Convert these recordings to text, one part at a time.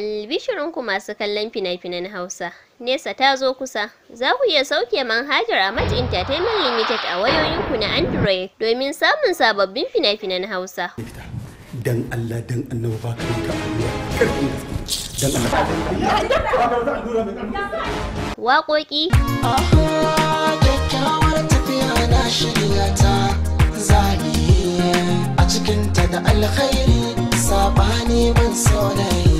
Albishirinku masu kallon fina-finan Hausa, Nesa ta zo kusa, za ku iya sauke manhajar a Amat Entertainment Limited a wayoyinku na Android domin samun sababbin fina-finan Hausa. Dan Allah dan annabi ba ka da Dan Waƙoƙi. a cikinta da alkhairi sabani ban saurayi.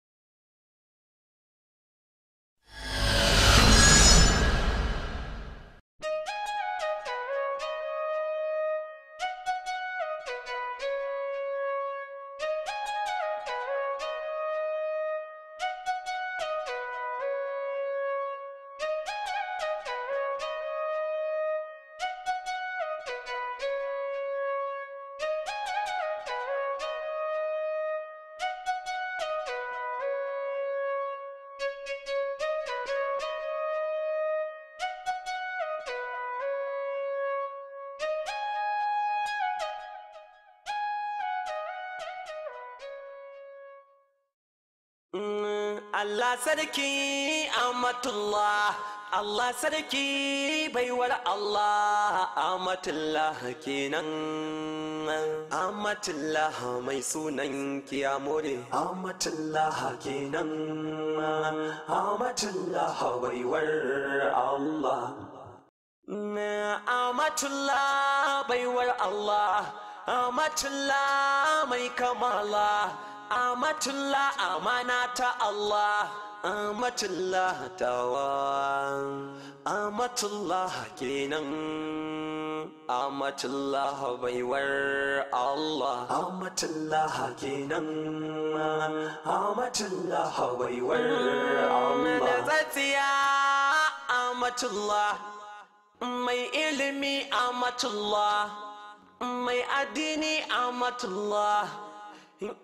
Mm, Allah sarki Ahmadullah Allah sarki baiwar Allah Ahmadullah kenan Ahmadullah mai sunan kiyamore Ahmadullah kenan Ahmadullah baiwar Allah mm, Ahmadullah baiwar Allah Ahmadullah mai kamala amatullah amana ta Allah amatullah tawa amatullah kenan amatullah baiwar Allah amatullah kenan amatullah baiwar Allah zatiya amatullah mai ilimi amatullah mai addini amatullah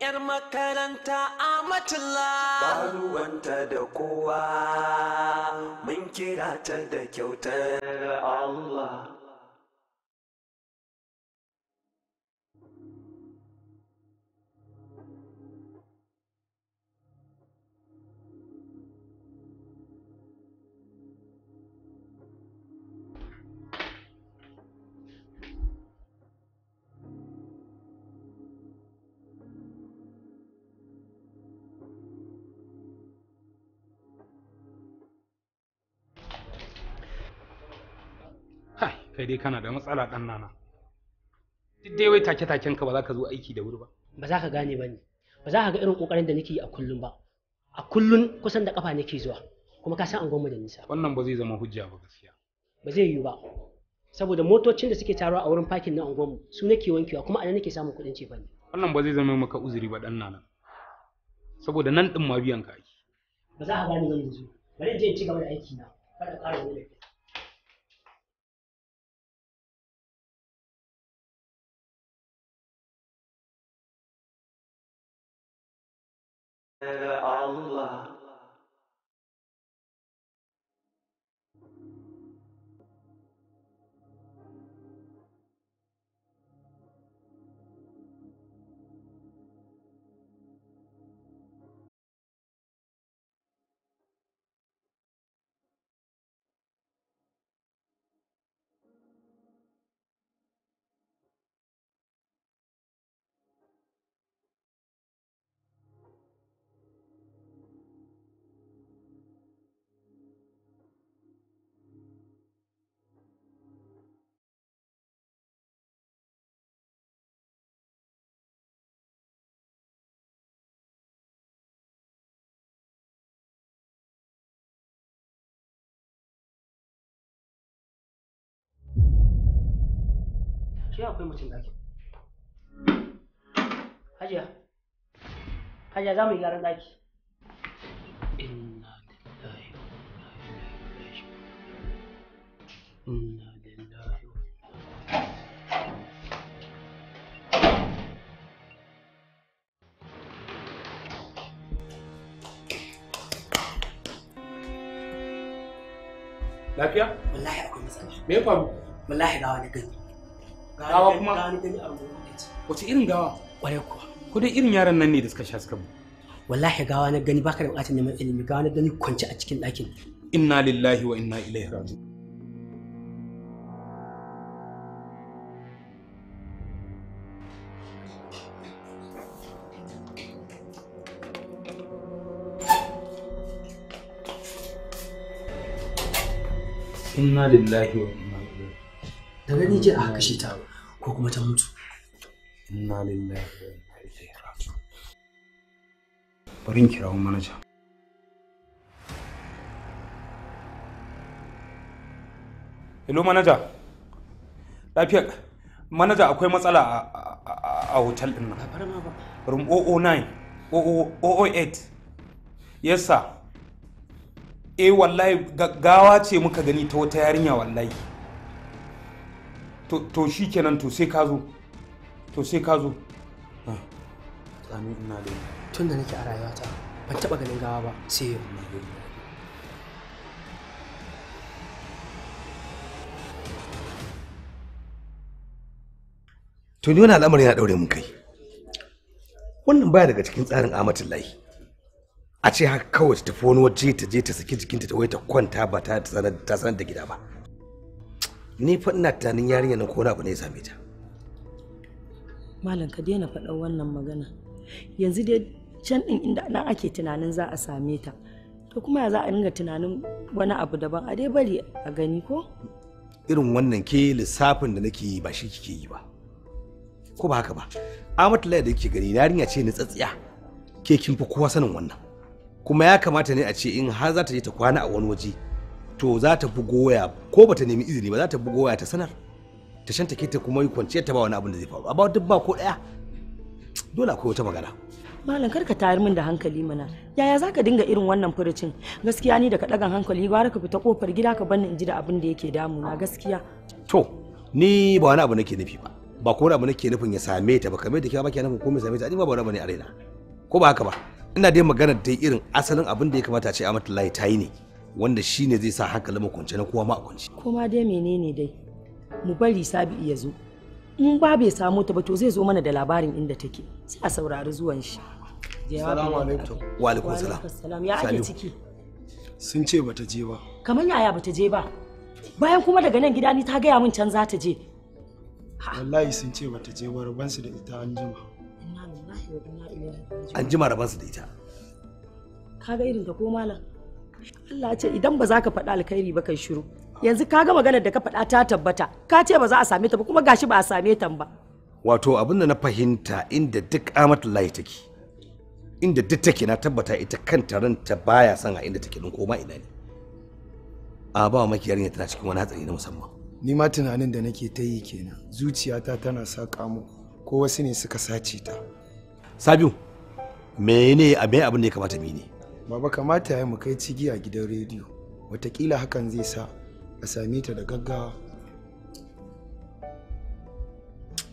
'yar makaranta a matula baruwanta da kowa mun kira ta da kyautar Allah kai dai kana da matsala ɗan nana duk dai wai take taken ka ba za ka zo aiki da wuri ba ba za ka gane ba ne ba za ka ga irin kokarin da nake yi a kullum ba a kullum kusan da kafa nake zuwa kuma ka san angon mu da nisa wannan ba zai zama hujja ba gaskiya ba zai yiwu ba saboda motocin da suke taruwa a wurin fakin na angon mu su nake wankewa kuma anan nake samun kuɗin cefane wannan ba zai zama maka uzuri ba dan nana saboda nan din ma biyan ka ake ba za ka gane ba yanzu bari in je in ci gaba da aiki na kada ƙara wani Ee, Allah ce akwai mutum ɗakin hajiya hajiya za mu yi gyaran ɗaki Lafiya? Wallahi akwai matsala. Me ya faru? Wallahi ga wani gani. gawa kuma wace irin gawa kwarai kuwa ko dai irin yaran nan ne da suka sha suka mu wallahi gawa na gani baka da bukatar neman ilimi gawa na gani kwance a cikin ɗakin inna lillahi wa inna ilaihi raji'un inna lillahi wa inna daga ni je a kashe ta ko kuma ta mutu inna lillahi wa inna ilaihi raji'un bari in kirawo manaja hello manaja lafiya manaja akwai matsala a hotel din nan room 009 008 yes sir eh wallahi gawa ce muka gani ta wata yarinya wallahi to shi kenan to sai ka zo to sai ka zo tsami ah, ina da tun da nake a rayuwata ban taba ganin gawa ba sai yau to ni wannan al'amari na daure mun kai wannan baya daga cikin tsarin amatin a ce haka kawai ta tafi wani waje ta je ta saki jikinta ta wai ta kwanta ba ta sanar da gida ba ni fa ina tunanin yarinya na kona abu ne ya same ta malam ka daina faɗa wannan magana yanzu dai can ɗin inda nan ake tunanin za a same ta to kuma ya za a dinga tunanin wani abu daban a dai bari a gani ko irin wannan ke lissafin da nake yi ba shi kike yi ba ko ba haka ba amatu da yake gani yarinya ce ni tsatsiya ke kin fi kowa sanin wannan kuma ya kamata ne a ce in har za ta je ta kwana a wani waje to za ta fi goya ko ta nemi izini ba za ta fi goya ta sanar ta shanta ke ta kuma yi kwanciyar ta ba wani abin da zai faru amma duk ba ko daya dole akwai wata magana malam karka tayar min da hankali mana yaya za ka dinga irin wannan furucin gaskiya ni daga ɗagan hankali gwara ka fita kofar gida ka banni in ji da abin da yake damuna gaskiya to ni ba wani abu nake nufi ba ba ko wani abu nake nufin ya same ta ba kamar da kika ba ke nufin ko mai same ta ni ba wani abu ne a raina ko ba haka ba ina dai magana da irin asalin abin da ya kamata a ce a mata layi ta yi ne wanda shi ne zai sa hankali makwance na kowa ma a kwance. Koma dai menene dai mu bari sabi ya zo in ba bai samu ta ba to zai zo mana da labarin inda take sai a saurari zuwan shi. Assalamu alaikum. Wa alaikum salam. Ya ake ciki. Sun ce bata je ba. Kamar yaya bata je ba. Bayan kuma daga nan gida ni ta gaya min can za ta je. Wallahi sun ce bata je ba rabansu da ita an jima. An jima rabansu da ita. ga irin ta ko malam. Allah ce idan ba za ka faɗa alkhairi ba kai shiru yanzu ka ga maganar da ka faɗa ta tabbata ka ce ba za a same ta ba kuma gashi ba a same ta ba wato abin da na fahimta inda duk amatu layi take inda duk take na tabbata ita kanta ranta baya son a inda take din koma ina ne a ba wa makiyar ne tana cikin wani hatsari na musamman ni ma tunanin da nake ta yi kenan zuciyata tana sa mu ko wasu ne suka sace ta sabiu mene abin abin da ya kamata mini Baba kamata ya yi mu kai cigi a gidan rediyo. Wataƙila hakan zai sa a same ta da gaggawa.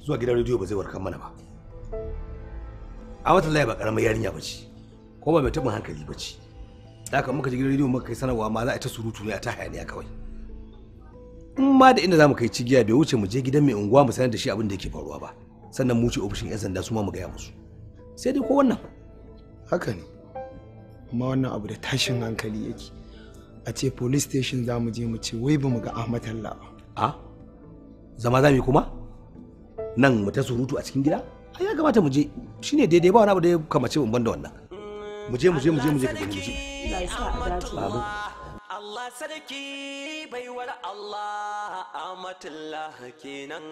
Zuwa gidan rediyo ba zai warkar mana ba. A wata layi ba ƙaramar yarinya ba ce, ko ba mai taɓin hankali ba ce. Da haka muka ji gidan rediyo muka kai sanarwa ma za a ta surutu ne a ta hayaniya kawai. In ma da inda za mu kai cigiya bai wuce mu je gidan mai unguwa mu sanar da shi abin da yake faruwa ba. Sannan mu ce ofishin 'yan sanda su ma mu gaya musu. Sai dai ko wannan. Haka ne. kuma wannan abu da tashin hankali yake a ce police station za mu je mu ce wai ba mu ga ahmad Allah a zama za mu kuma nan mu ta surutu a cikin gida a ya kamata mu je shine daidai ba wani abu da ya kamace mu banda wannan mu je mu je mu je mu je ka gani mu je Allah sarki baiwar Allah amatullah kenan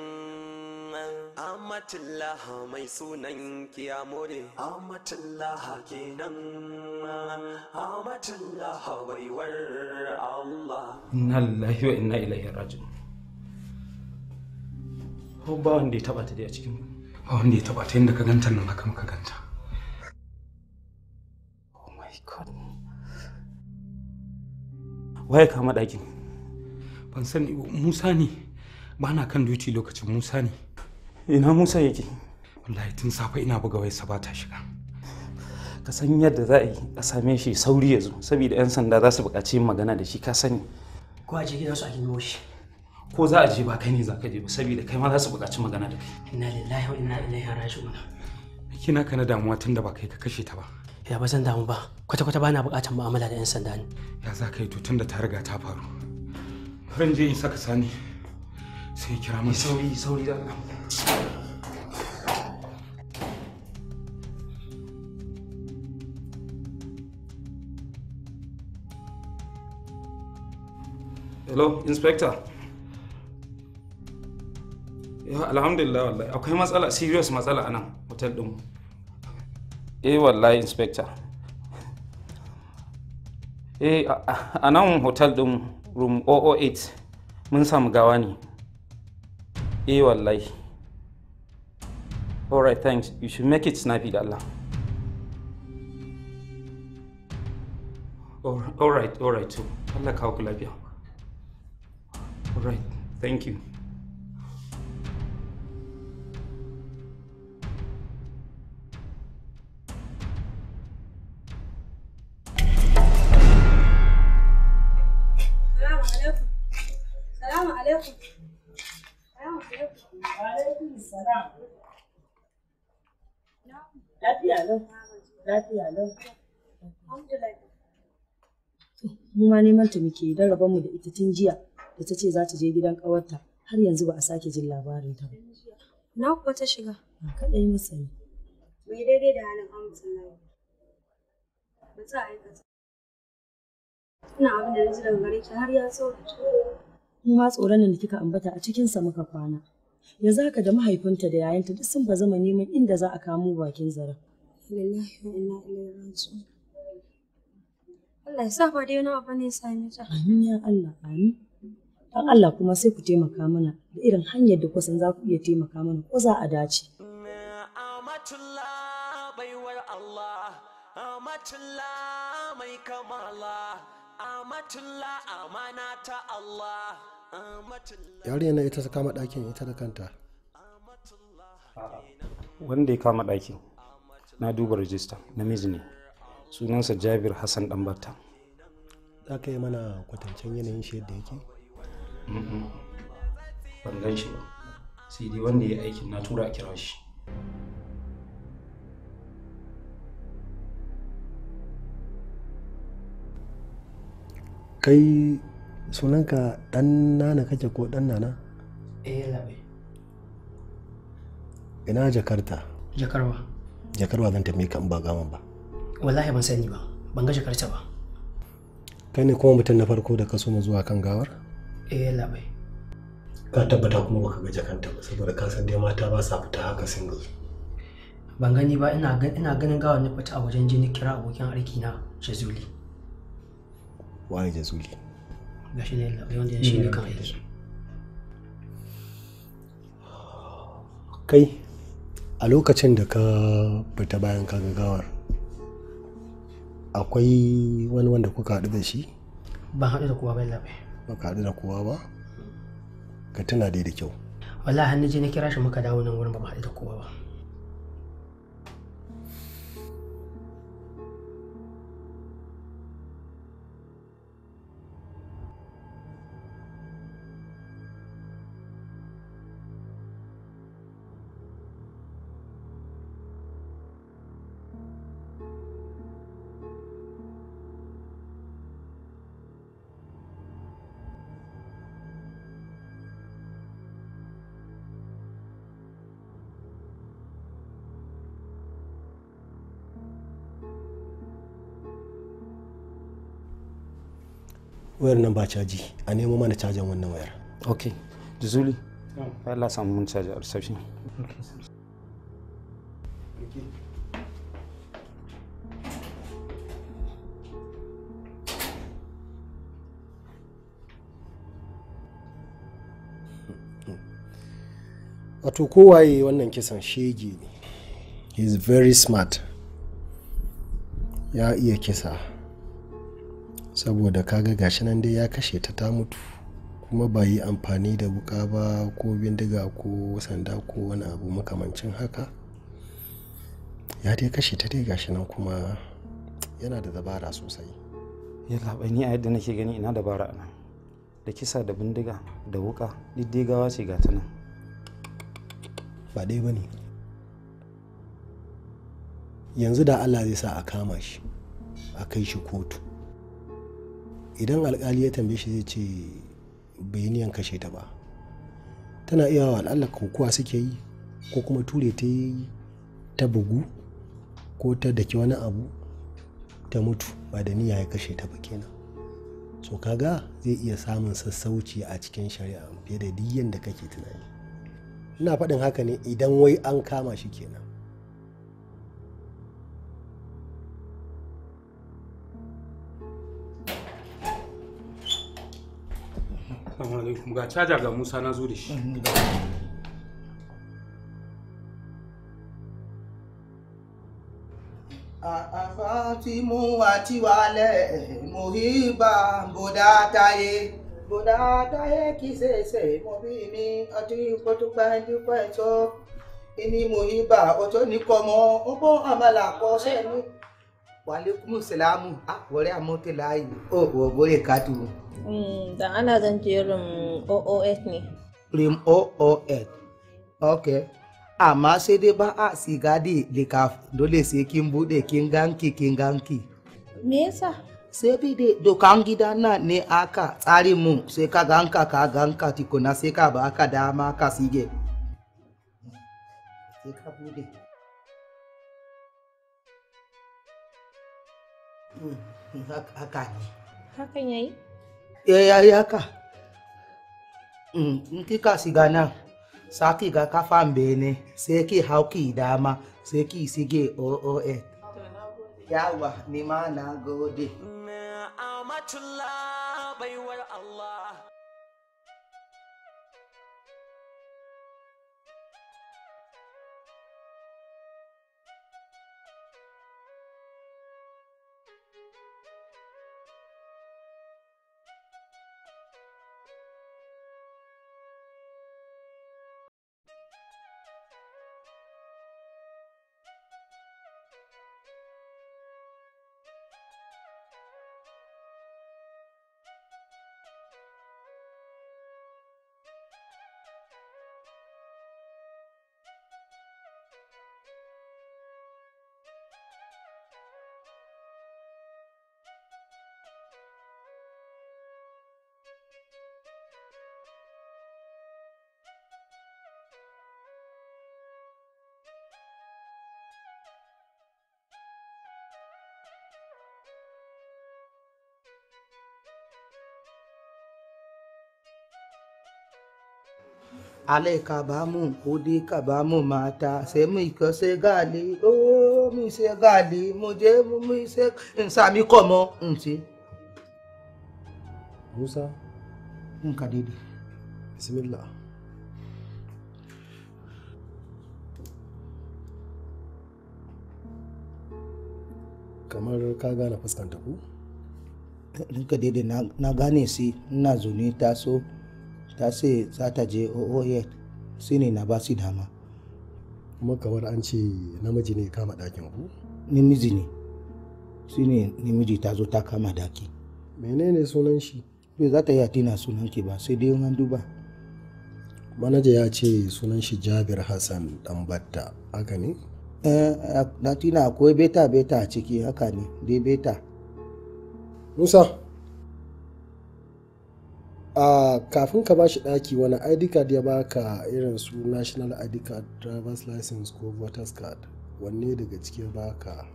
amatullah mai sunan kiyamore amatullah kenan amatullah baiwar Allah inna lillahi wa inna ilaihi raji'un ko ba wanda ya taba ta dai a cikin ba wanda ya taba ta inda ka ganta nan haka muka ganta waye kama ɗakin ban san musa ne ba na kan duci lokacin musa ne ina musa yake wallahi tun safe ina buga wayarsa ba ta shiga ka san yadda za a yi a same shi sauri ya zo saboda 'yan sanda za su buƙaci yin magana da shi ka sani ko a je gidan su a nemo shi ko za a je ba kai ne za ka je ba saboda kai ma za su buƙaci magana da kai inna lillahi wa inna ilaihi raji'un kina kana damuwa tunda ba kai ka kashe ta ba ya ba zan damu ba kwata-kwata ba na buƙatar mu'amala da 'yan sanda ne ya za ka yi tutun da ta riga ta faru Bari je in saka sani sai kira mu. sauri sauri da hello inspector alhamdulillah wallahi akwai matsala serious matsala anan hotel ɗinmu eh wallahi inspector eh a nan hotel din room 008 mun samu gawa ne eh wallahi alright thanks you should make it snappy da Allah alright alright to Allah kawo ku lafiya alright thank you Mama lau. Lafiya Mu neman ta muke don rabon mu da ita tun jiya da ta ce za ta je gidan ƙawarta har yanzu ba a sake jin labarin ta ba. Na kuwa ta shiga. Ba kaɗai masa ne. Mai daidai da halin amsa na yau. Ba ta aikata. Ina abin da na ji daga gare ki har ya tsorata. Mu ma tsoron da kika ambata a cikinsa muka kwana. yanzu haka da mahaifinta da yayanta duk sun bazama neman inda za a kamo bakin zara Lillahi wa inna ilaihi Allah ya sa ba dai wani abu ne same ta. Amin ya Allah amin. Dan Allah kuma sai ku taimaka mana da irin hanyar da kusan za ku iya taimaka mana ko za a dace. Amatullah baiwar Allah, Amatullah mai kamala, Amatullah amana ta Allah. yarinya na ita ta kama ɗakin ita da kanta wanda ya kama ɗakin na duba rajista namiji ne sunansa jabir hassan ɗanbata za ka yi mana kwatancen yanayin shi yadda yake ban gan shi sai dai wanda ya aikin na tura a kira shi kai sunanka dan nana kake ko dan nana? eh labe ina jakarta jakarwa jakarwa zan tafi ka ba gaman ba wallahi ban sani ba ban ga jakarta ba kai ne kuma mutum na farko da ka so zuwa kan gawar eh labe ka tabbata kuma baka ga jakarta ba saboda ka san dai mata ba sa fita haka single ban gani ba ina ina ganin gawar ne fita a wajen jini kira abokin arki na jazuli wani jazuli gashi ne Allah wanda shi ne kan kai a lokacin da ka fita bayan ka gawar akwai wani wanda kuka haɗu da shi ban haɗu da kowa ba labe ba ka haɗu da kowa ba ka tuna dai da kyau wallahi hannu je na kira shi muka dawo nan wurin ba haɗu da kowa ba wayar nan ba caji a nemo mana cajin wannan wayar ok jizuli Allah samu mun caji a reception wato kowaye wannan kisan shege ne he is very smart ya iya kisa saboda kaga gashi nan dai ya kashe ta ta mutu kuma ba yi amfani da wuka ba ko bindiga ko sanda ko wani abu makamancin haka ya dai kashe ta dai gashi nan kuma yana da dabara sosai yalla bai ni a yadda nake gani ina dabara ana da kisa da bindiga da wuka gawa ce ga ta nan ba dai bane yanzu da Allah zai sa a kama shi a kai shi kotu idan alkali ya tambaye shi zai ce bai niyan kashe ta ba tana iya wa al'alla kokuwa suke yi ko kuma ture ta yi ta bugu ko ta daki wani abu ta mutu ba da niyya ya kashe ta ba kenan so kaga zai iya samun sassauci a cikin shari'a fiye da duk yadda kake tunani ina faɗin haka ne idan wai an kama shi kenan ga caja ga musa na zo da shi àfáàtì mú àti wàlẹ̀ mùhíbà bòdà táyé bòdà táyé kì í ṣèṣe mo bí mi àti pọtùpẹ dúpẹ́ tó ìní mùhíbà ọjọ́ nìkan mọ́ ó bọ́ àmàlà kọ́ sẹ́nu. Walaikum salamu a ah, wari a mota layi o oh, wa gore katu. Mm, Dan ana zan je rim OOS ne. Rim OOS. Ok. Amma sai dai ba a siga da likaf dole sai kin bude kin ganki kin ganki. Me yasa? Sai bi da dokan gida na ne aka tsari mu sai ka ganka ka ganka tikuna sai ka ba ka dama ka sige. Sai ka bude. haka ne hakan yayi eh yayi haka mm, in kika siga nan saki ga kafan bene sai ki hauki dama sai ki sige ooa yawa ni ma na gode baiwar Allah alai ka ba mu kudi ka ba mu mata sai mu kan sai gali o mi sai gali mo je mu mi sai in sa mi ko mo in Musa in ka daidai bismillah kamar ka gane fuskanta ku? Ninka daidai na gane si ina zo ne taso ta ce za ta je ooa su ne na ba su dama kuma kamar an ce namiji ne kama dakin ku namiji ne su ne namiji ta zo ta kama daki menene sunan shi bai za ta yi atina sunan ki ba sai dai an duba manaja ya ce sunan shi jabir hassan batta haka ne eh na tina akwai beta beta a ciki haka ne dai beta musa a kafin ka bashi ɗaki wani id card ya baka irin su national id card driver's license ko voters card wanne daga cikin baka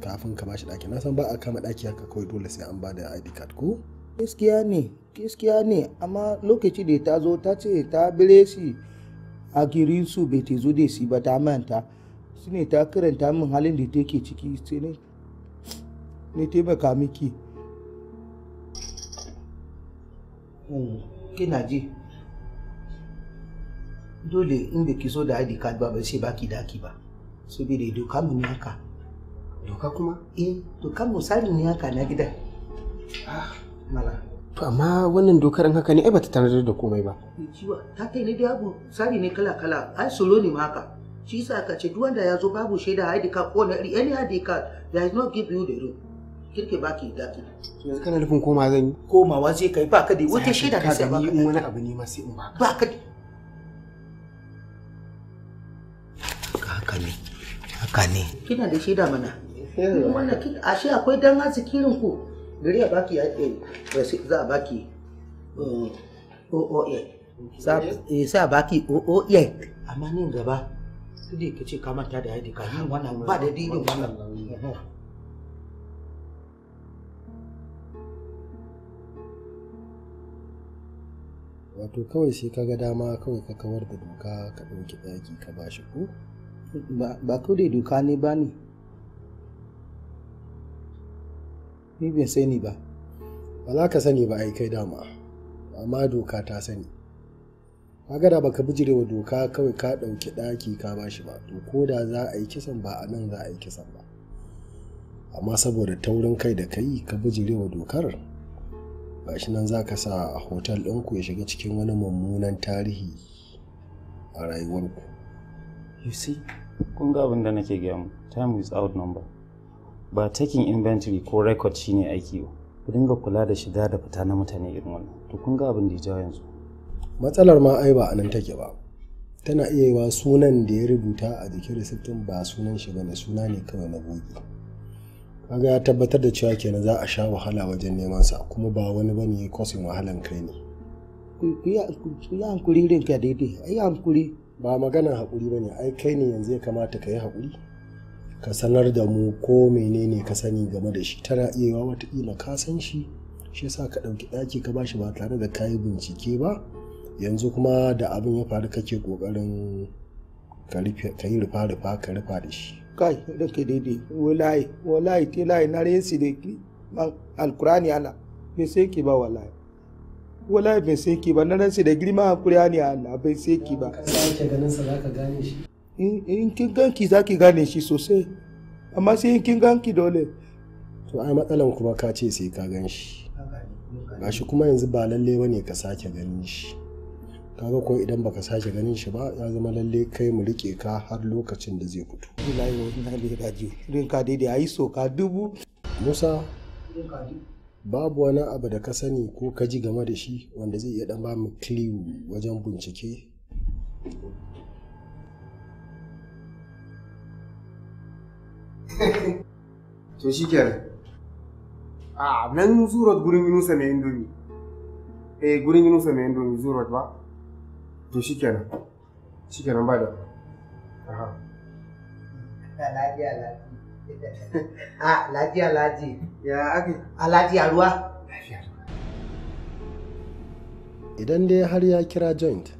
kafin ka bashi ɗaki na san ba a kama ɗaki haka kawai dole sai an bada id card ko gaskiya ne gaskiya ne amma lokaci da ta zo ta ce ta bire shi a girin su bai te zo da shi ba ta manta shi ne ta karanta min halin da take ciki sai ne taimaka miki kina ji dole in baki so da id card ba ba sai baki daki ba saboda doka mu ne haka doka kuma eh doka misali ne haka na gida ah mala to amma wannan dokar in haka ne ai ta tanadar da komai ba ciwa ta kai ne da abu sari ne kala kala ai solo ne haka shi yasa aka ce duk wanda ya zo babu shaida id card ko na any id card there is no give you the room kirke ba ki daɗi. To yanzu kana nufin koma zan yi? Komawa zai kai ba ka wata shaida ka sai ba ka. wani abu ne ma sai in ba. Ba ka da. Haka ne. Haka ne. Kina da shaida mana. Wannan kin ashe akwai dan azikirin ku. Gari a baki eh, eh, za a baki sai eh, sai a baki OOA. Amma nan gaba. di ka ce ka manta da haidi ka yi wannan ba da dinin wannan. wato kawai sai ka ga dama kawai ka kawar da doka ka ɗauki ɗaki ka ba shi ko ba ko dai doka ne ba ne ni bai sani ba ba za ka sani ba ai kai dama amma doka ta sani kaga da baka wa doka kawai ka ɗauki ɗaki ka ba shi ba to ko da za a yi kisan ba a nan za a yi kisan ba amma saboda taurin kai da kai ka wa dokar gashi nan za ka sa a hotel ɗinku ya shiga cikin wani mummunan tarihi a rayuwarku you see kun ga abin da nake gaya mu time is out number ba taking inventory ko record shine aiki ba ku dinga kula da shiga da fita na mutane irin wannan to kun ga abin da ya yanzu matsalar ma ai ba a nan take ba tana iya yiwa sunan da ya rubuta a jikin risitin ba sunan shi ne suna ne kawai na bogi kaga ya tabbatar da cewa kenan za a sha wahala wajen neman sa kuma ba wani bane ya kosin wahalan kai ne ya hankuri ka daidai ai hankuri ba magana hakuri bane ai kai ne yanzu ya kamata ka yi hakuri ka sanar da mu ko menene ka sani game da shi tana iya yawa wata ka san shi shi yasa ka ɗauki ɗaki ka bashi ba tare da kayi bincike ba yanzu kuma da abin ya faru kake ƙoƙarin ka yi rufa-rufa ka rufa da shi kai da ke daidai wulai ti lai na resi da ki man alkurani ala bai sai ki ba wulai wulai bai sai ki ba na resi da girma alkurani ala bai sai ki ba in kin ganki za ki gane shi sosai amma sai in kin ganki dole to ai matsalan kuma ka ce sai ka gan shi shi kuma yanzu ba lalle bane ka sake ganin shi kaga ko idan baka sake ganin shi ba ya zama lalle kai mu rike ka har lokacin da zai fito wallahi wallahi da gaji ka daidai ayi yi ka dubu musa babu wani abu da ka sani ko ka ji game da shi wanda zai iya dan ba mu clue wajen bincike to shi ke a nan zurat gurin yunusa mai indomi eh gurin yunusa mai indomi zurat ba to shikenan kenan ba da aha lafiya lafiya a lafiya ya a ruwa idan dai har ya kira joint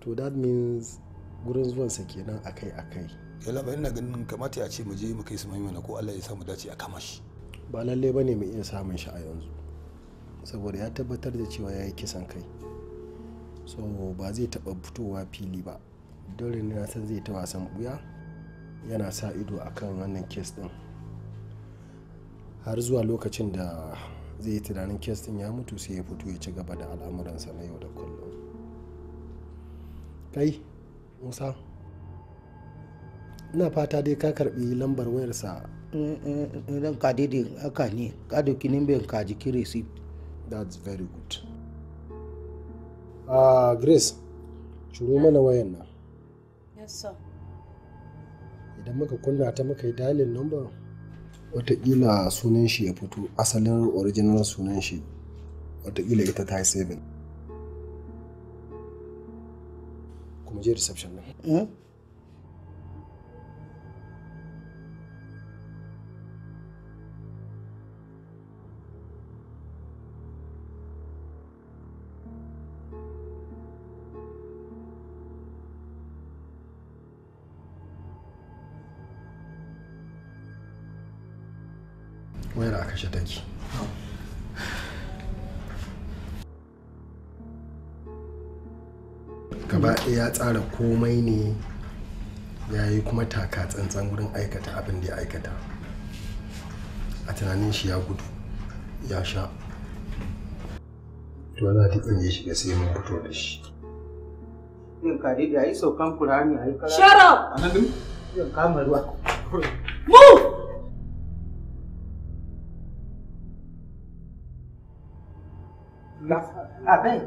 to that means gurin zuwansa kenan akai-akai ya labarin na ganin kamata ya ce mu je mu kai su maimana ko allah ya sa mu dace a kama shi ba lalle bane mu iya samun shi a yanzu saboda ya tabbatar da cewa ya yi kisan kai so ba zai taɓa fitowa fili ba dole ne na san zai ta wasan buya yana sa ido a kan wannan kes din har zuwa lokacin da zai yi tunanin kes din ya mutu sai ya fito ya ci gaba da al'amuransa na yau da kullum kai musa ina fata dai ka karbi lambar wayarsa ɗan eh, eh, eh, ka daidai haka ne ka dauki kaji ka receipt that's very good a grace ciro mana wayan nan idan muka kunna ta muka yi dalin number watakila sunan shi ya fito asalin original sunan shi watakila ita ta yi 7 kuma je reception nan ya tsara komai ne ya yi kuma taka tsantsan wurin aikata abin da ya aikata a tunanin shi ya gudu ya sha to za ta tsinye shi ga sai mun fito da shi yin kare da yi saukan kurani a yi kara shara a nan din yin kama ruwa mu abẹ́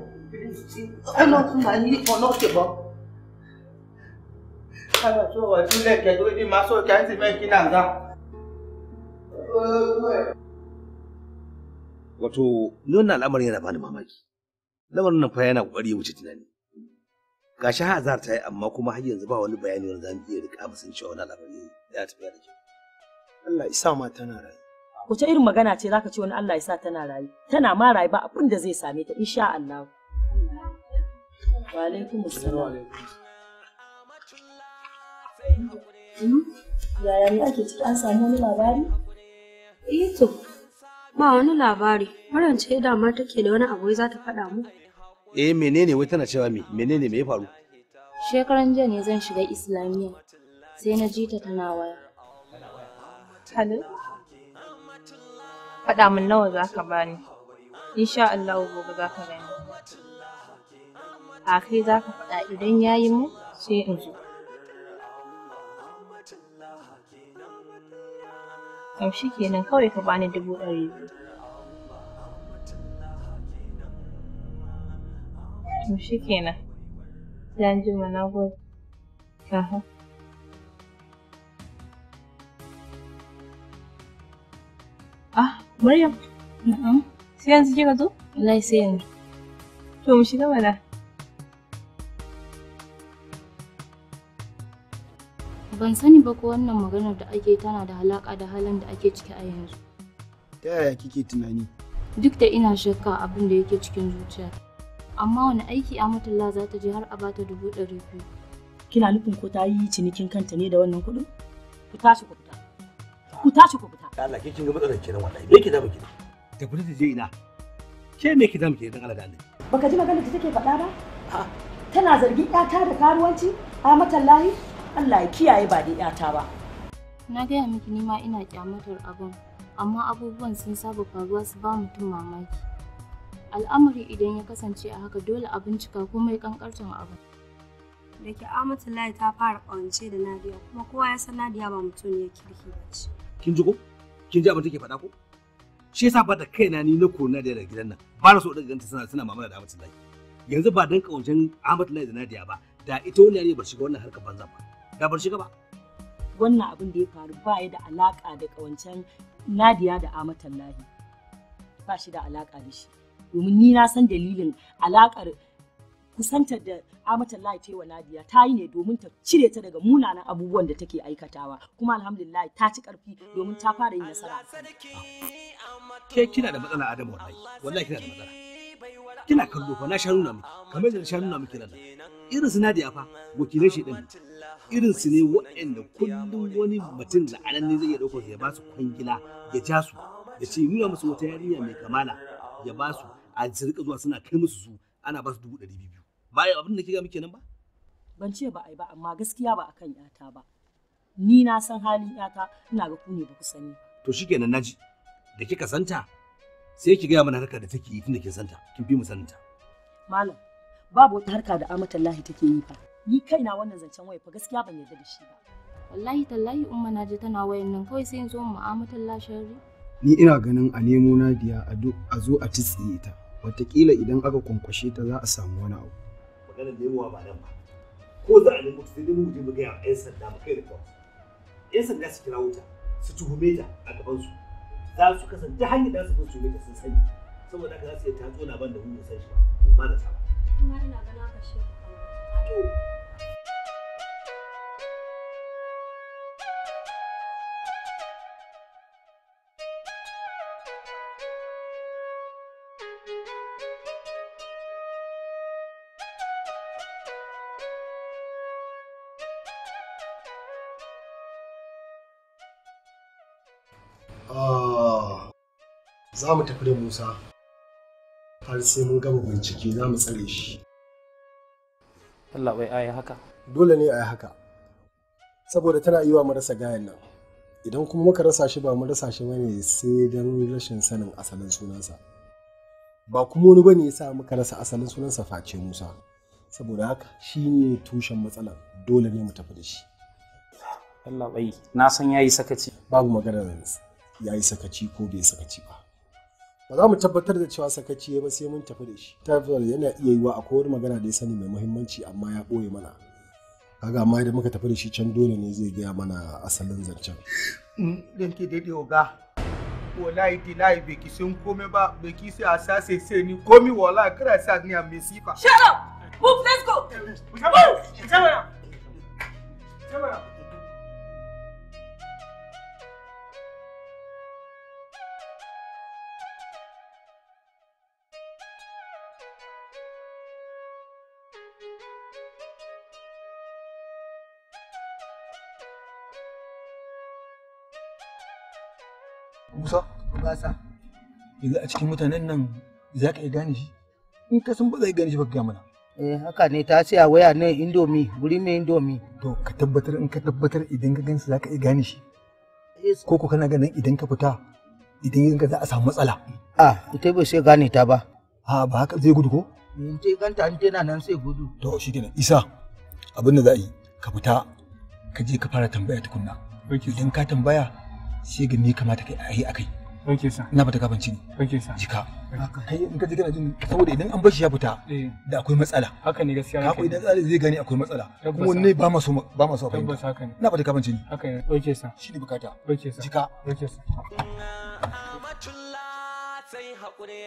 Ana lọ tún máa 看做我训练给多一点嘛，所以赶紧买给哪个？呃，对。Wato, ni wannan al'amarin yana bani mamaki. Lamarin nan fa yana ƙwari wuce tunani. Gashi har azar ta yi amma kuma har yanzu ba wani bayani wanda zamu iya rika musun cewa wannan al'amari ya tafiya da kyau. Allah isa ma tana rayu. Wace irin magana ce zaka ce wani Allah isa tana rayu? Tana ma rayu ba abin da zai same ta insha Allah. Wa alaikum Yaya ne ake ciki an samu wani labari? Eh to, ba wani labari. Maran ce damar take da wani abu za ta faɗa mu. Eh menene wai tana cewa me? Menene me ya faru? Shekaran jiya ne zan shiga Islamiyya. Sai na ji ta tana waya. Halin? Faɗa min nawa za ka bani. Insha Allah gobe za ka gani. A kai za ka faɗa idan ya yi mu sai in zo. Yau shi kenan kawai ka bani dubu ɗari biyu. Yau shi kenan. Zan ji ma na gode. Ah, Maryam. Na'am. Sai yanzu kika zo? Wallahi sai yanzu. To mu shiga mana. Ban sani ba ko wannan maganar da ake tana da alaƙa da halin da ake ciki a yanzu. Ta yaya kike tunani? Duk da ina shakka abin da yake cikin zuciya. Amma wani aiki Amatullah za ta je har a bata dubu ɗari biyu. Kina nufin ko ta yi cinikin kanta ne da wannan kuɗin? Ku tashi ku fita. Ku tashi ku fita. Allah ke kin ga matsalar kenan wallahi. Me ke da miki? Da fita je ina. Ke me ke da miki dan Allah da Allah? Baka ji maganar da take faɗa ba? Tana zargin 'yata da karuwanci? Amatullahi? Allah ya kiyaye ba da yata ba na gaya miki ni ma ina kyamatar abin amma abubuwan sun saba faruwa su ba mutum mamaki al'amari idan ya kasance a haka dole a bincika mai kankartan abin da ke Lai ta fara ƙawance da Nadiya kuma kowa ya san Nadiya ba mutum ne ya kirki ba ce. Kin ji ko? Kin ji abin take faɗa ko? Shi yasa ba da kaina ni na kona da gidan nan. Ba na so da ganta suna suna mamala da Lai. Yanzu ba dan ƙawancen Lai da Nadiya ba da ita wani ne ba shiga wannan harkar banza ba. da bar shiga ba wannan abin da ya faru ba ya da alaka da kawancen Nadiya da Amatan Lahi ba shi da alaka da shi domin ni na san dalilin alakar kusantar da Amatan Lahi ta yi wa Nadiya ta yi ne domin ta cire ta daga munanan abubuwan da take aikatawa kuma alhamdulillah ta ci karfi domin ta fara yin nasara ke kina da matsala Adamu wallahi wallahi kina da matsala kina kallo fa na sha nuna miki kamar da sha nuna miki nan irin su Nadiya fa wakilai shi din irin su ne waɗanda kullum wani mutum la'ananne zai iya ɗaukar ya ba su kwangila ya ja su ya ce nuna musu wata yarinya mai kamala ya ba su a rika zuwa suna kai musu su ana ba su dubu ɗari biyu ba abin da kiga muke nan ba ban ce ba yi ba amma gaskiya ba a kan yata ba ni na san halin yata ina ga ku ba ku sani to shikenan naji da kika santa sai ki gaya mana harka da take yi tunda kin santa kin fi mu santa. malam babu wata harka da amatan lahi take yi fa ni na wannan zancen waya fa gaskiya ban yarda da shi ba wallahi tallahi umma na je tana wayan nan kawai sai in zo mu amatan lashari ni ina ganin a nemo Nadiya a zo a tsiye ta wataƙila idan aka kwankwashe ta za a samu wani abu magana da yawa ba nan ba ko za a nemo sai dai mu je mu ga yan sanda mu kai report yan sanda su kira wuta su tuhume ta a gaban su za su kasance hanyar da su tuhume ta sun sani saboda haka za su ta tatso ban da mu sai shi ba ba da ta ina ina ganin haka shi tudo. Ah, za mu tafi da Musa har sai mun gama bincike za mu tsare shi. Allah bai ayi haka dole ne a yi haka saboda tana yi wa marasa gayan nan idan kuma muka rasa shi ba mu rasa shi bane sai dan rashin sanin asalin sunansa ba kuma wani bane yasa muka rasa asalin sunansa face Musa saboda haka shi ne tushen matsalar dole ne mu tafi da shi Allah bai na san yayi sakaci babu magana yayi sakaci ko bai sakaci ba ba za mu tabbatar da cewa sakaci ya ba sai mun tafi da shi tafiyar yana iya yiwa a kowar magana da ya sani mai muhimmanci amma ya ɓoye mana kaga amma idan muka tafi da shi can dole ne zai gaya mana asalin zancen ɗan ke daidai oga wallahi dilahi bai ki sun komai ba bai ki sai a sase sai ni komi wallahi kada sa ni a mai sifa shut up move let's go move Musa? sa. Yanzu a cikin mutanen nan za ka iya gane shi? In ka san ba zai gane shi ba ga mana. Eh haka ne ta siya waya ne indomi wuri mai indomi. To ka tabbatar in ka tabbatar idan ka gansu za ka iya gane shi. Ko ko kana ganin idan ka fita idan ka za a samu matsala. Ah ita bai sai gane ta ba. A ah, ba haka zai gudu ko? Eh, in ta ganta in tana nan sai gudu. To shi kenan Isa abin da za a yi ka fita ka je ka fara tambaya tukunna. Idan ka tambaya shegin ne kamata ke a yi Oke sa. Ina bata gabanci ne. Oke sa. Jika. Kai in ka ji kana jin saboda idan an bashi ya fita eh. da akwai matsala. Haka ne gaskiya. Haka idan tsari zai gane akwai matsala. Kuma ne ba ma so ba ma so fahimta. haka ne. Ina bata gabanci ne. Oke sa. Shi ne bukata. Oke sa. Jika. Oke sa. sai hakuri.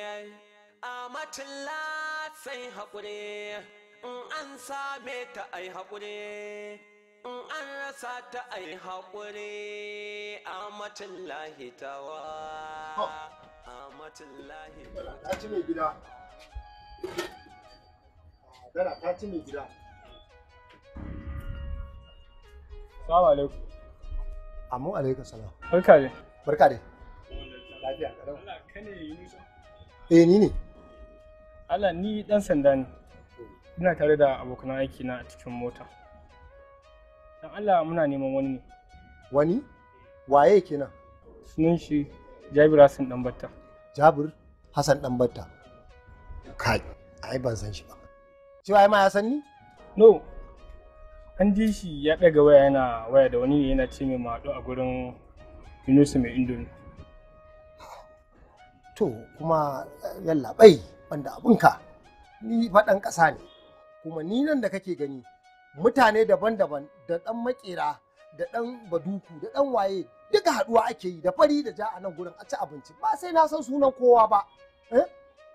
sai hakuri. In an ai hakuri. an rasa ta a yi haƙuri a matin lahitawa oh. a matin lahitawa ta ci mai gida dara ta ci mai gida salamu alaikum amu alaikum salam barka ne barka ne lafiya karau Allah kane yunusa eh ni ne Allah ni dan sanda ne ina tare da abokan aiki na cikin mota Dan Allah muna neman wani ne. Wani? Waye kenan? Sunan shi Jabir Hassan Danbatta. Jabir Hassan Danbatta. Kai, ai ban san shi ba. shi ai ma ya san ni? No. An ji shi ya ɗaga waya yana waya da wani ne yana ce mai maɗo a gurin Yunusu mai Indomi. To, kuma eh, yallaɓai banda abinka, ni faɗan ƙasa ne, kuma ni nan da kake gani mutane daban-daban da ɗan makera da ɗan baduku da ɗan waye duka haɗuwa ake yi da fari da ja a nan gurin a ci abinci ba sai na san sunan kowa ba eh?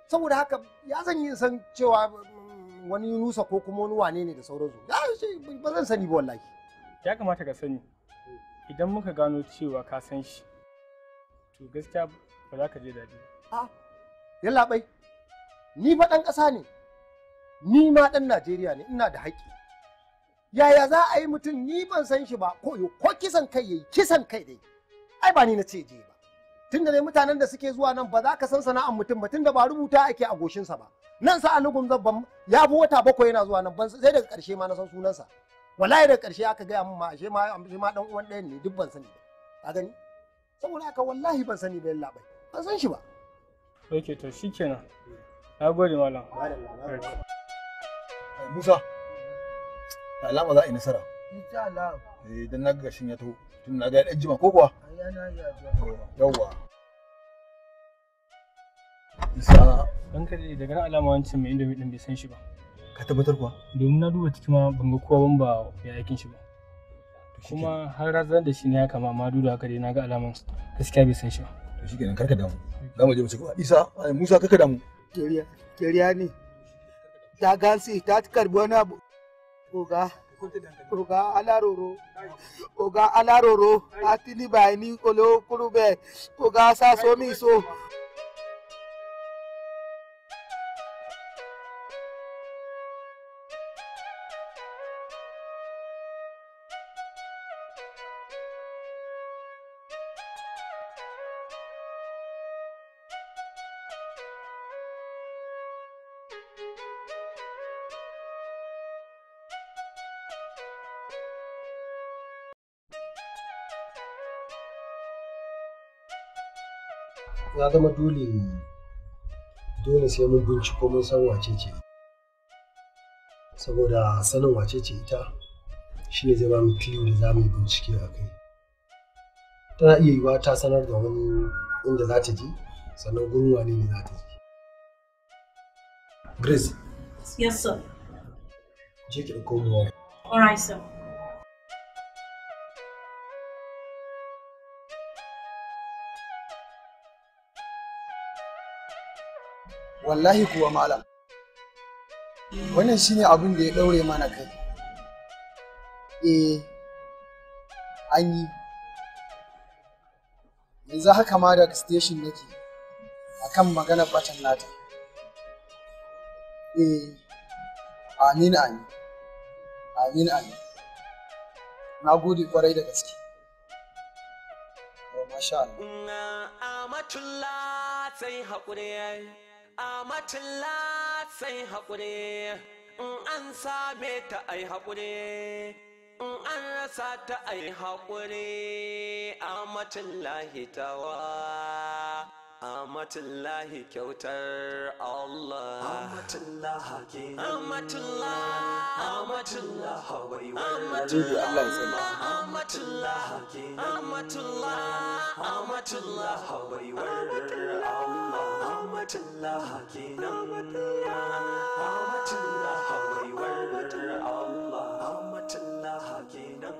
saboda haka ya zan yi san cewa mm, wani nusa ko kuma wani wane ne da sauransu ba zan sani ba wallahi ya kamata ka sani idan muka gano cewa ka san shi to gaskiya ba za ka je daɗi a yalla bai ni ba ɗan ƙasa ne ni ma ɗan najeriya ne ina da haƙƙi yaya za a yi mutum ni ban san shi ba ko ko kisan kai yayi kisan kai dai ai ba ni na ce je ba tunda dai mutanen da suke zuwa nan ba za ka san sana'an mutum ba tunda ba rubuta ake a goshin sa ba nan sa alugum ban ya bu wata bakwai yana zuwa nan ban sai daga karshe ma na san sunan sa wallahi daga karshe aka ga mun ma ashe ma ashe ma dan uwan ɗayan ne duk ban sani ba ka gani saboda aka wallahi ban sani ba yalla bai ban san shi ba ok to shikenan na gode malam Musa da alama za a yi nasara insha Allah eh dan na ga shin ya taho tun na ga ya jima ko kuwa yawwa. ya yawa isa dan kare daga nan alama wancan mai indomi din bai san shi ba ka tabbatar kuwa domin na duba cikin ma ban ga kowa ban ba ya aikin shi ba kuma har razan da shi ne ya kama ma duda haka dai na ga alaman gaskiya bai san shi ba to shi kenan karka damu za mu je mu ci isa musa karka damu kiriya kiriya ne ta gansi ta karbi wani abu ko ga ọ̀gá aláròrò ọ̀gá aláròrò àti níbàá ní olówó kúrú bẹ́ẹ̀ ọ̀gá sásọmíso. ya zama dole dole sai mun binciko mun san wace ce saboda sanin wace ce ita shi ne zai ba mu clue da za mu bincike a kai tana iya yiwuwa ta sanar da wani inda za ta je sannan gurin wane ne za ta je grace yes sir je ki ɗauko mu all right sir wallahi kuwa malam wannan shine abin da ya ɗaure mana kai eh an yi yanzu haka ma da station nake a kan maganar bacin nata eh amin amin amin amin na gode kwarai da gaske oh, masha Allah a matilla sai haƙuri in an same ta ai haƙuri in an rasa ta ai haƙuri a matillahi tawa a lahi kyautar Allah a matillaha ke a lahi a matillaha a matin ke a a matillaha Ahmadullah kenan Allah Ahmadullah kenan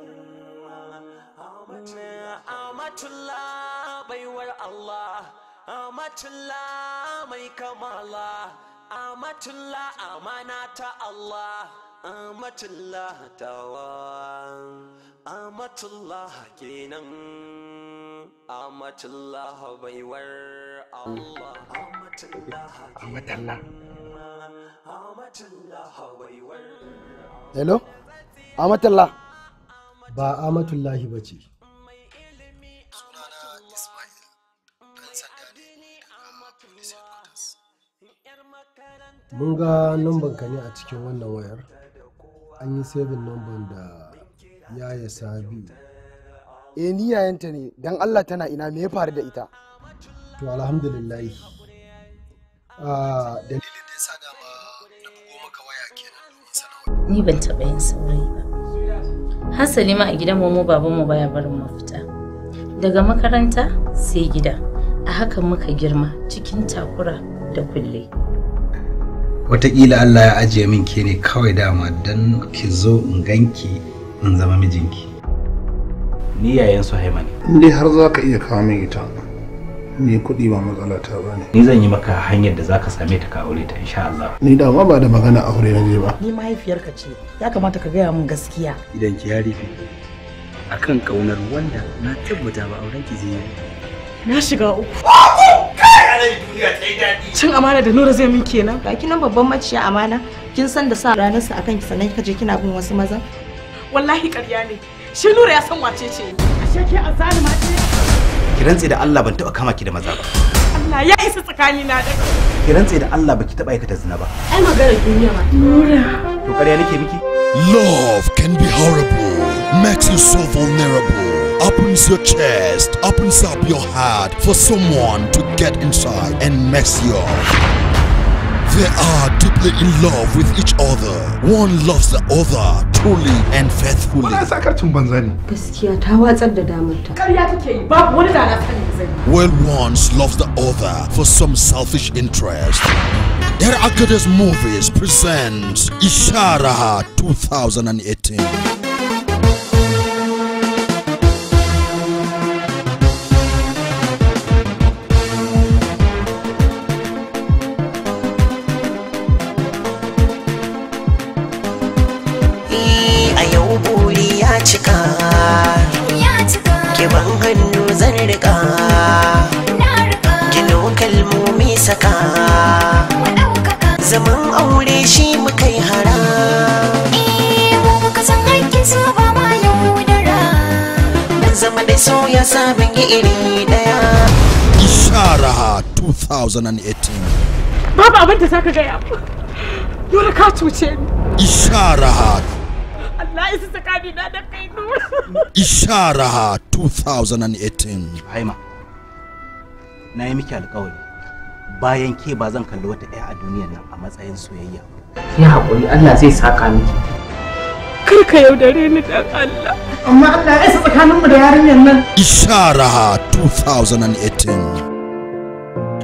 baiwar Allah Ahmadullah mai kamala amatullah amana ta Allah amatullah tawa amatullah kenan amatullah baiwar Allah Hello? Amatullah. Ba Amatullahi ba ce. Mun ga numban ka ne a cikin wannan wayar. An yi sabin numban da ya yi sabi. Eh ni yayanta ne, don Allah tana ina me ya faru da ita? To alhamdulillahi. Ah, dalilin da dama na bugo maka waya kenan domin sanarwa ni ban taɓa yin saurayi ba hasali ma a gidan mu baban mu baya barin mu fita daga makaranta sai gida a hakan muka girma cikin takura da kulle wataƙila Allah ya ajiye min ke ne kawai dama don ki zo in ganki in zama mijinki ni yayan su ne har za ka iya kawo min ita ni kuɗi ba matsala ta ba ne. Ni zan yi maka hanyar da zaka same ta ka aure ta insha Allah. Ni da ba da magana aure na je ba. Ni mahaifiyarka ce ya kamata ka gaya min gaskiya. Idan ki ya rufe akan kaunar wanda na tabbata ba auren ki zai Na shiga uku. Cin amana da Nura zai min kenan. Ga nan babban maciya amana kin san da sa ranarsa akan ki sannan kaje kina bin wasu mazan. Wallahi ƙarya ne. Shi Nura ya san wace ce. Ashe ke azalima ce. ki rantse da Allah ban taɓa kama ki da maza ba. Allah ya isa tsakani na da. Ki rantse da Allah baki taɓa aikata zina ba. Ai magana duniya ma. Nura. To ƙarya nake miki? Love can be horrible, makes you so vulnerable. Opens your chest, opens up your heart for someone to get inside and mess you up. There are deeply in love with each other. One loves the other truly and faithfully. Wannan sakarcin banza Gaskiya ta watsar da yi, babu wani da Well, once loves the other for some selfish interest. Their Akades Movies presents Ishara 2018. rasa yi iri daya ishara 2018 babu abin da zaka gaya dole ka cuce ni ishara Allah isa tsakani na da kai nura ishara 2018 haima na yi miki alkawari bayan ke ba zan kalli wata ɗaya a duniyar nan a matsayin soyayya ki haƙuri Allah zai saka miki kar ka yaudare ni dan Allah amma Allah ya isa tsakaninmu da yarinyar nan ishara 2018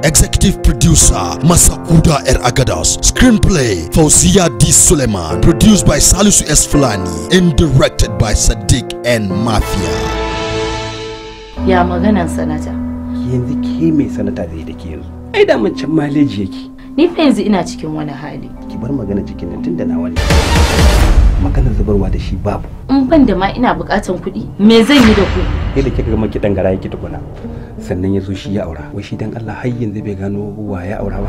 Executive Producer Masakuda Er Agadas. Screenplay Fauzia D. Suleiman. Produced by Salisu S. Fulani and directed by Sadiq N. Mafia. Ya maganan sanata. Yanzu ke mai sanata zai da ke yanzu. Ai da mun can maleji yake. Ni fa yanzu ina cikin wani hali. Ki bar magana cikin nan tunda na wani. maganar zubarwa da shi babu in ban da ma ina bukatan kuɗi me zan yi da ku sai da kika ga maki dan gara yake tukuna sannan ya zo shi ya aura wai shi dan Allah har yanzu bai gano wa ya aura ba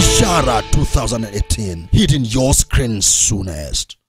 Ishara 2018 hidden your screen soonest